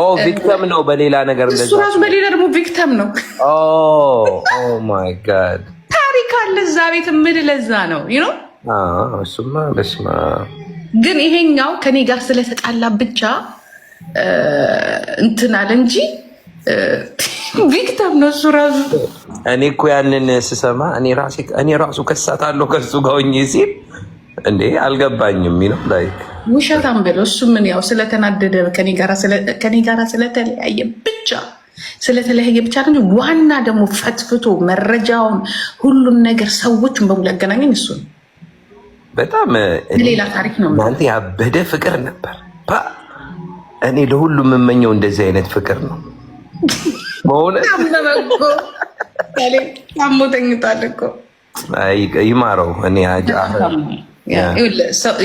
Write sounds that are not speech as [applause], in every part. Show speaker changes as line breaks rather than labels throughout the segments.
ኦ ቪክተም ነው በሌላ ነገር
እሱ ራሱ በሌላ ደግሞ ቪክተም ነው።
ኦ ማይ ጋድ
ታሪክ አለ እዛ ቤት ምድ ለዛ ነው ነው
እሱማ በስማ
ግን ይሄኛው ከኔ ጋር ስለተጣላ ብቻ እንትን አለ እንጂ ቪክተም ነው እሱ ራሱ።
እኔ እኮ ያንን ስሰማ እኔ ራሱ ከሳት አለው ከሱ ጋር ሆኜ ሲል እንዴ አልገባኝም ነው ላይክ
ውሸታም በለው። እሱ ምን ያው ስለተናደደ ከኔ ጋር ስለተለያየ ብቻ ስለተለያየ ብቻ ነው። ዋና ደግሞ ፈትፍቶ መረጃውን ሁሉን ነገር ሰዎችን በሙሉ ያገናኘን እሱ ነው። በጣም ሌላ ታሪክ ነው።
እናንተ ያበደ ፍቅር ነበር። እኔ ለሁሉም የምመኘው እንደዚህ አይነት ፍቅር ነው። በእውነት
[laughs] እኮ
ይማረው እኔ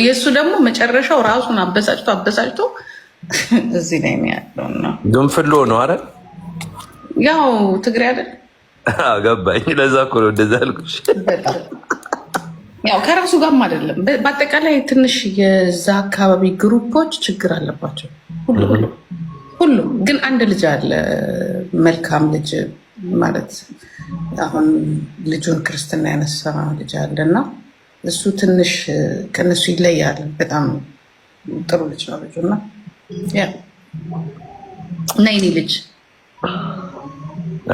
የእሱ ደግሞ መጨረሻው ራሱን አበሳጭቶ አበሳጭቶ [laughs] እዚህ ላይ ያለው ነው።
ግንፍሎ ነው አረ
ያው ትግሬ አይደል
ገባኝ። ለዛ እኮ ነው እንደዛ ያልኩሽ።
ያው ከራሱ ጋርም አይደለም። በአጠቃላይ ትንሽ የዛ አካባቢ ግሩፖች ችግር አለባቸው ሁሉም። ግን አንድ ልጅ አለ መልካም ልጅ ማለት አሁን ልጁን ክርስትና ያነሳ ልጅ አለና እሱ ትንሽ ከነሱ ይለያል። በጣም ጥሩ ልጅ ነው ልጁ እና እና የኔ ልጅ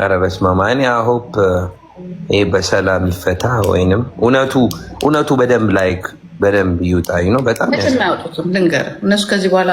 ኧረ በስመ አብ እኔ አሆፕ ይህ በሰላም ይፈታ ወይንም እውነቱ እውነቱ በደንብ ላይክ በደንብ ይውጣ ነው። በጣም
ያውጡትም ልንገር እነሱ ከዚህ በኋላ